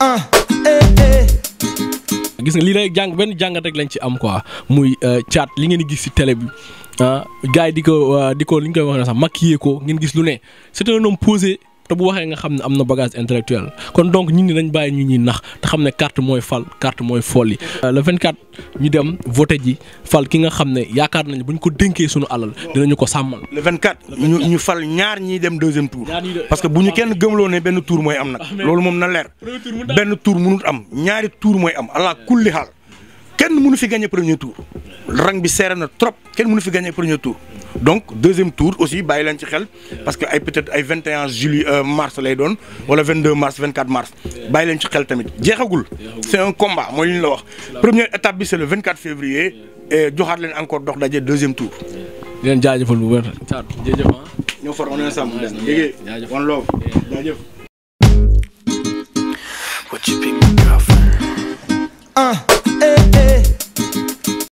Ah, eh, eh. gis nga lii rek jàng benn jàngat rek lañ ci am quoi muy euh, caat li ngeen gis ci tele bi ah gars yi di ko euh, di ko li ñu koy wax na sax maquillé ko ngeen gis lu ne c'est un homme te bu waxee nga xam ne am na bagage intellectuel kon donc ñi ni dañ bàyyi ñu ñuy nax te xam ne carte mooy fal carte mooy folli euh, le 24 ñu dem voté ji fal ki nga xam ne yaakaar nañ buñ ko dénkee suñu alal dinañu ko sàmmal. le 24 ñu ñu fal ñaar ñiy dem deuxième tour. parce que bu ñu kenn gëmloo ne benn tour mooy am nag. Ah, loolu moom na leer benn tour mënut am ñaari tour mooy am allah kulli xaal kenn mënu fi gagné premier tour. rang bi seere na trop kenn mënu fi gagné premier tour donc deuxième tour aussi bàyyi leen ci xel parce que peut-être ay 21 juillet euh, mars lay le 22 mars 24 mars bàyyi ci xel tamit c'est un combat Premier établi, la première étape c'est le 24 février et joxat encore dox dajé deuxième tour. di ah. on ensemble.